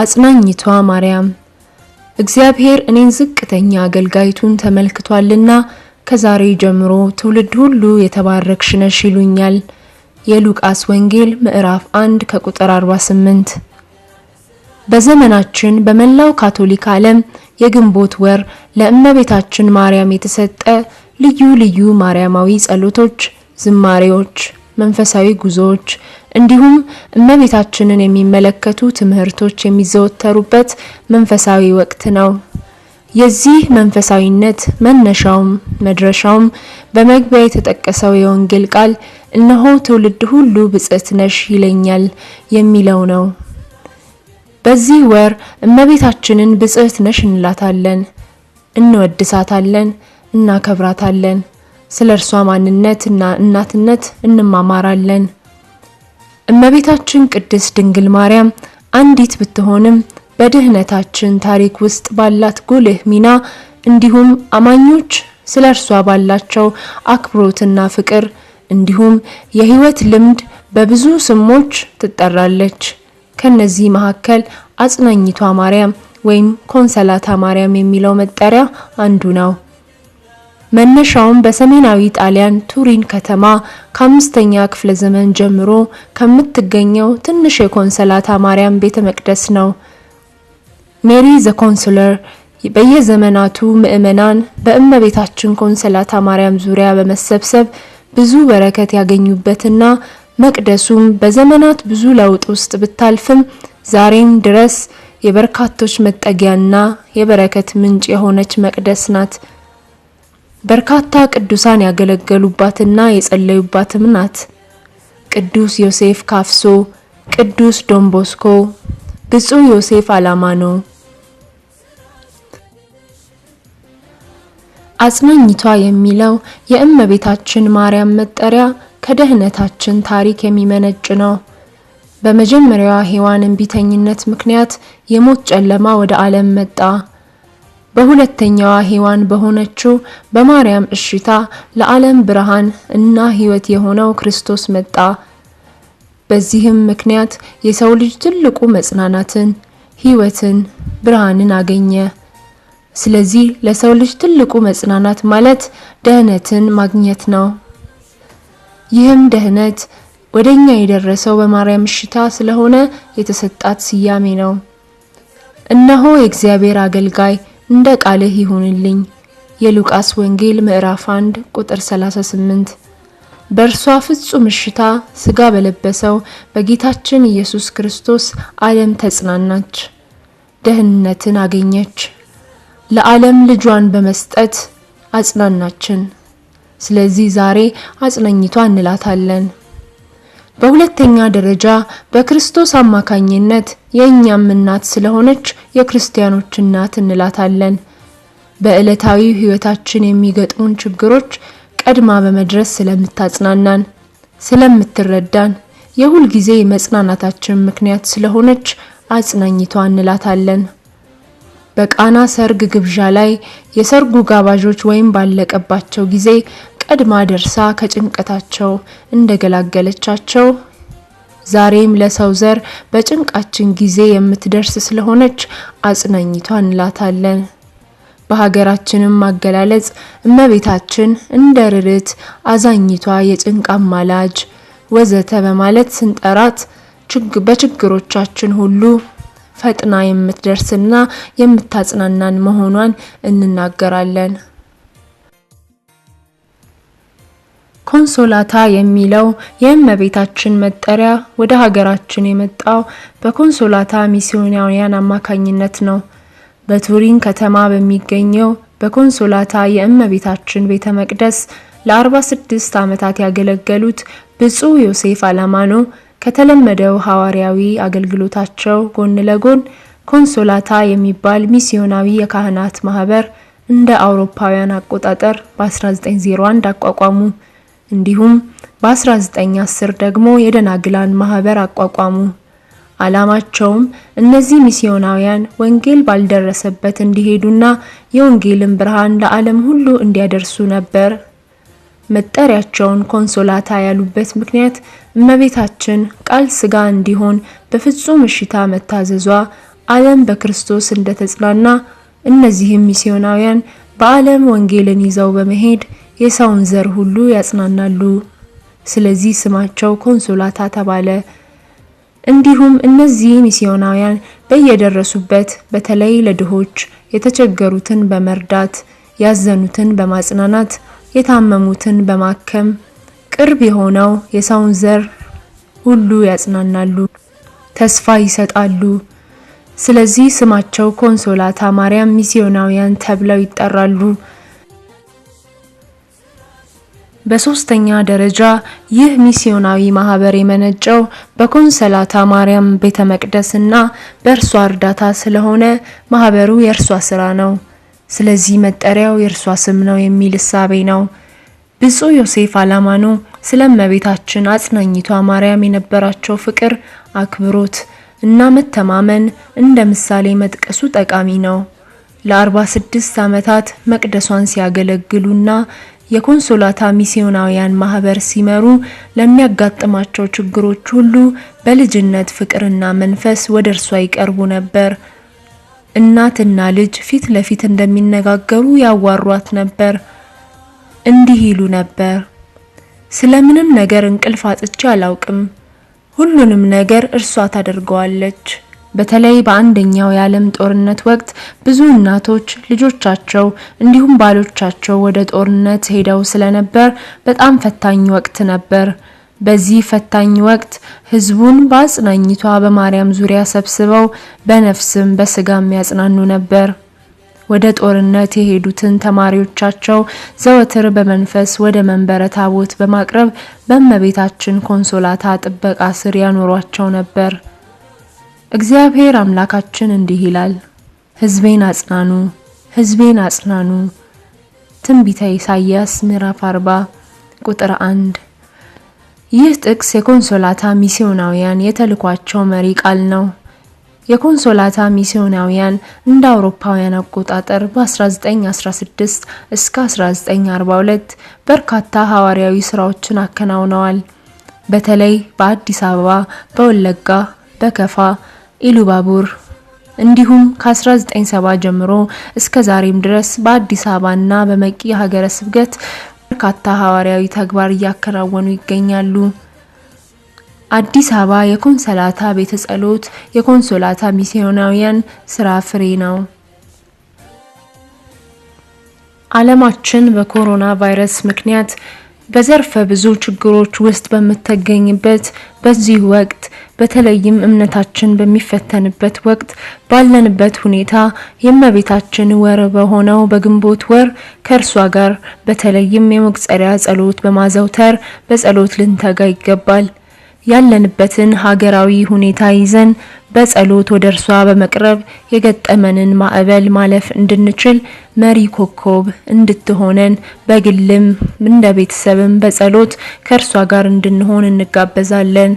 አጽናኝቷ ማርያም እግዚአብሔር እኔን ዝቅተኛ አገልጋይቱን ተመልክቷልና ከዛሬ ጀምሮ ትውልድ ሁሉ የተባረክሽ ነሽ ይሉኛል። የሉቃስ ወንጌል ምዕራፍ 1 ከቁጥር 48። በዘመናችን በመላው ካቶሊክ ዓለም የግንቦት ወር ለእመቤታችን ማርያም የተሰጠ ልዩ ልዩ ማርያማዊ ጸሎቶች፣ ዝማሬዎች መንፈሳዊ ጉዞዎች እንዲሁም እመቤታችንን የሚመለከቱ ትምህርቶች የሚዘወተሩበት መንፈሳዊ ወቅት ነው። የዚህ መንፈሳዊነት መነሻውም መድረሻውም በመግቢያ የተጠቀሰው የወንጌል ቃል እነሆ ትውልድ ሁሉ ብጽዕት ነሽ ይለኛል የሚለው ነው። በዚህ ወር እመቤታችንን ብጽዕት ነሽ እንላታለን፣ እንወድሳታለን፣ እናከብራታለን። ስለ እርሷ ማንነት እና እናትነት እንማማራለን። እመቤታችን ቅድስት ድንግል ማርያም አንዲት ብትሆንም በድህነታችን ታሪክ ውስጥ ባላት ጉልህ ሚና እንዲሁም አማኞች ስለ እርሷ ባላቸው አክብሮትና ፍቅር እንዲሁም የህይወት ልምድ በብዙ ስሞች ትጠራለች። ከነዚህ መካከል አጽናኝቷ ማርያም ወይም ኮንሰላታ ማርያም የሚለው መጠሪያ አንዱ ነው። መነሻውም በሰሜናዊ ጣሊያን ቱሪን ከተማ ከአምስተኛ ክፍለ ዘመን ጀምሮ ከምትገኘው ትንሽ የኮንሰላታ ማርያም ቤተ መቅደስ ነው። ሜሪ ዘ ኮንስለር በየዘመናቱ ምእመናን በእመቤታችን ኮንሰላታ ማርያም ዙሪያ በመሰብሰብ ብዙ በረከት ያገኙበትና መቅደሱም በዘመናት ብዙ ለውጥ ውስጥ ብታልፍም ዛሬም ድረስ የበርካቶች መጠጊያና የበረከት ምንጭ የሆነች መቅደስ ናት። በርካታ ቅዱሳን ያገለገሉባትና የጸለዩባትም ናት። ቅዱስ ዮሴፍ ካፍሶ፣ ቅዱስ ዶንቦስኮ፣ ብፁዕ ዮሴፍ አላማ ነው። አጽናኝቷ የሚለው የእመቤታችን ማርያም መጠሪያ ከደህነታችን ታሪክ የሚመነጭ ነው። በመጀመሪያዋ ሔዋን እንቢተኝነት ምክንያት የሞት ጨለማ ወደ ዓለም መጣ። በሁለተኛዋ ሔዋን በሆነችው በማርያም እሽታ ለዓለም ብርሃን እና ሕይወት የሆነው ክርስቶስ መጣ። በዚህም ምክንያት የሰው ልጅ ትልቁ መጽናናትን፣ ሕይወትን፣ ብርሃንን አገኘ። ስለዚህ ለሰው ልጅ ትልቁ መጽናናት ማለት ደህነትን ማግኘት ነው። ይህም ደህነት ወደኛ የደረሰው በማርያም እሽታ ስለሆነ የተሰጣት ስያሜ ነው። እነሆ የእግዚአብሔር አገልጋይ እንደ ቃልህ ይሁንልኝ። የሉቃስ ወንጌል ምዕራፍ 1 ቁጥር 38። በእርሷ ፍጹም እሽታ ስጋ በለበሰው በጌታችን ኢየሱስ ክርስቶስ ዓለም ተጽናናች፣ ደህንነትን አገኘች። ለዓለም ልጇን በመስጠት አጽናናችን። ስለዚህ ዛሬ አጽናኝቷ እንላታለን። በሁለተኛ ደረጃ በክርስቶስ አማካኝነት የእኛም እናት ስለሆነች የክርስቲያኖች እናት እንላታለን። በዕለታዊ ሕይወታችን የሚገጥሙን ችግሮች ቀድማ በመድረስ ስለምታጽናናን፣ ስለምትረዳን የሁል ጊዜ መጽናናታችን ምክንያት ስለሆነች አጽናኝቷ እንላታለን። በቃና ሰርግ ግብዣ ላይ የሰርጉ ጋባዦች ወይም ባለቀባቸው ጊዜ ቀድማ ደርሳ ከጭንቀታቸው እንደገላገለቻቸው ዛሬም ለሰው ዘር በጭንቃችን ጊዜ የምትደርስ ስለሆነች አጽናኝቷ እንላታለን። በሀገራችንም አገላለጽ እመቤታችን እንደ ርርት፣ አዛኝቷ፣ የጭንቅ አማላጅ ወዘተ በማለት ስንጠራት በችግሮቻችን ሁሉ ፈጥና የምትደርስና የምታጽናናን መሆኗን እንናገራለን። ኮንሶላታ የሚለው የእመቤታችን መጠሪያ ወደ ሀገራችን የመጣው በኮንሶላታ ሚስዮናውያን አማካኝነት ነው። በቱሪን ከተማ በሚገኘው በኮንሶላታ የእመቤታችን ቤተ መቅደስ ለ46 ዓመታት ያገለገሉት ብፁዕ ዮሴፍ አላማኖ ከተለመደው ሐዋርያዊ አገልግሎታቸው ጎን ለጎን ኮንሶላታ የሚባል ሚስዮናዊ የካህናት ማህበር እንደ አውሮፓውያን አቆጣጠር በ1901 አቋቋሙ። እንዲሁም በ1910 ደግሞ የደናግላን ማህበር አቋቋሙ። ዓላማቸውም እነዚህ ሚስዮናውያን ወንጌል ባልደረሰበት እንዲሄዱና የወንጌልን ብርሃን ለዓለም ሁሉ እንዲያደርሱ ነበር። መጠሪያቸውን ኮንሶላታ ያሉበት ምክንያት እመቤታችን ቃል ስጋ እንዲሆን በፍጹም እሽታ መታዘዟ ዓለም በክርስቶስ እንደተጽናና እነዚህም ሚስዮናውያን በዓለም ወንጌልን ይዘው በመሄድ የሰውን ዘር ሁሉ ያጽናናሉ። ስለዚህ ስማቸው ኮንሶላታ ተባለ። እንዲሁም እነዚህ ሚስዮናውያን በየደረሱበት በተለይ ለድሆች የተቸገሩትን በመርዳት ያዘኑትን በማጽናናት የታመሙትን በማከም ቅርብ የሆነው የሰውን ዘር ሁሉ ያጽናናሉ፣ ተስፋ ይሰጣሉ። ስለዚህ ስማቸው ኮንሶላታ ማርያም ሚስዮናውያን ተብለው ይጠራሉ። በሶስተኛ ደረጃ ይህ ሚስዮናዊ ማህበር የመነጨው በኮንሰላታ ማርያም ቤተ መቅደስ እና በእርሷ እርዳታ ስለሆነ ማህበሩ የእርሷ ስራ ነው፣ ስለዚህ መጠሪያው የእርሷ ስም ነው የሚል እሳቤ ነው። ብፁዕ ዮሴፍ አላማኑ ስለ እመቤታችን አጽናኝቷ ማርያም የነበራቸው ፍቅር፣ አክብሮት እና መተማመን እንደ ምሳሌ መጥቀሱ ጠቃሚ ነው። ለ46 ዓመታት መቅደሷን ሲያገለግሉና የኮንሶላታ ሚስዮናውያን ማህበር ሲመሩ ለሚያጋጥማቸው ችግሮች ሁሉ በልጅነት ፍቅርና መንፈስ ወደ እርሷ ይቀርቡ ነበር። እናትና ልጅ ፊት ለፊት እንደሚነጋገሩ ያዋሯት ነበር። እንዲህ ይሉ ነበር፣ ስለምንም ነገር እንቅልፍ አጥቼ አላውቅም። ሁሉንም ነገር እርሷ ታደርገዋለች። በተለይ በአንደኛው የዓለም ጦርነት ወቅት ብዙ እናቶች ልጆቻቸው እንዲሁም ባሎቻቸው ወደ ጦርነት ሄደው ስለነበር በጣም ፈታኝ ወቅት ነበር። በዚህ ፈታኝ ወቅት ህዝቡን በአጽናኝቷ በማርያም ዙሪያ ሰብስበው በነፍስም በስጋም ያጽናኑ ነበር። ወደ ጦርነት የሄዱትን ተማሪዎቻቸው ዘወትር በመንፈስ ወደ መንበረ ታቦት በማቅረብ በእመቤታችን ኮንሶላታ ጥበቃ ስር ያኖሯቸው ነበር። እግዚአብሔር አምላካችን እንዲህ ይላል፣ ሕዝቤን አጽናኑ፣ ሕዝቤን አጽናኑ። ትንቢተ ኢሳይያስ ምዕራፍ 40 ቁጥር 1። ይህ ጥቅስ የኮንሶላታ ሚስዮናውያን የተልኳቸው መሪ ቃል ነው። የኮንሶላታ ሚስዮናውያን እንደ አውሮፓውያን አቆጣጠር በ1916 እስከ 1942 በርካታ ሐዋርያዊ ስራዎችን አከናውነዋል። በተለይ በአዲስ አበባ፣ በወለጋ፣ በከፋ ኢሉ ባቡር እንዲሁም ከ1970 ጀምሮ እስከ ዛሬም ድረስ በአዲስ አበባና በመቂ ሀገረ ስብከት በርካታ ሐዋርያዊ ተግባር እያከናወኑ ይገኛሉ። አዲስ አበባ የኮንሰላታ ቤተ ጸሎት የኮንሶላታ ሚስዮናውያን ስራ ፍሬ ነው። ዓለማችን በኮሮና ቫይረስ ምክንያት በዘርፈ ብዙ ችግሮች ውስጥ በምትገኝበት በዚህ ወቅት በተለይም እምነታችን በሚፈተንበት ወቅት ባለንበት ሁኔታ የእመቤታችን ወር በሆነው በግንቦት ወር ከእርሷ ጋር በተለይም የመቁጠሪያ ጸሎት በማዘውተር በጸሎት ልንተጋ ይገባል። ያለንበትን ሀገራዊ ሁኔታ ይዘን በጸሎት ወደ እርሷ በመቅረብ የገጠመንን ማዕበል ማለፍ እንድንችል መሪ ኮከብ እንድትሆነን በግልም እንደ ቤተሰብም በጸሎት ከእርሷ ጋር እንድንሆን እንጋበዛለን።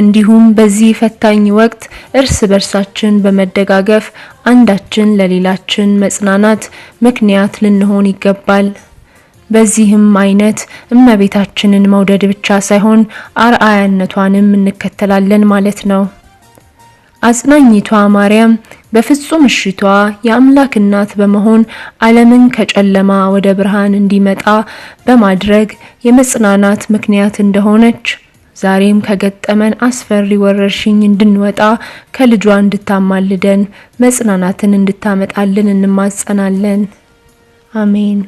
እንዲሁም በዚህ ፈታኝ ወቅት እርስ በርሳችን በመደጋገፍ አንዳችን ለሌላችን መጽናናት ምክንያት ልንሆን ይገባል። በዚህም አይነት እመቤታችንን መውደድ ብቻ ሳይሆን አርአያነቷንም እንከተላለን ማለት ነው። አጽናኝቷ ማርያም በፍጹም እሽቷ የአምላክ እናት በመሆን ዓለምን ከጨለማ ወደ ብርሃን እንዲመጣ በማድረግ የመጽናናት ምክንያት እንደሆነች ዛሬም ከገጠመን አስፈሪ ወረርሽኝ እንድንወጣ ከልጇ እንድታማልደን መጽናናትን እንድታመጣልን እንማጸናለን። አሜን።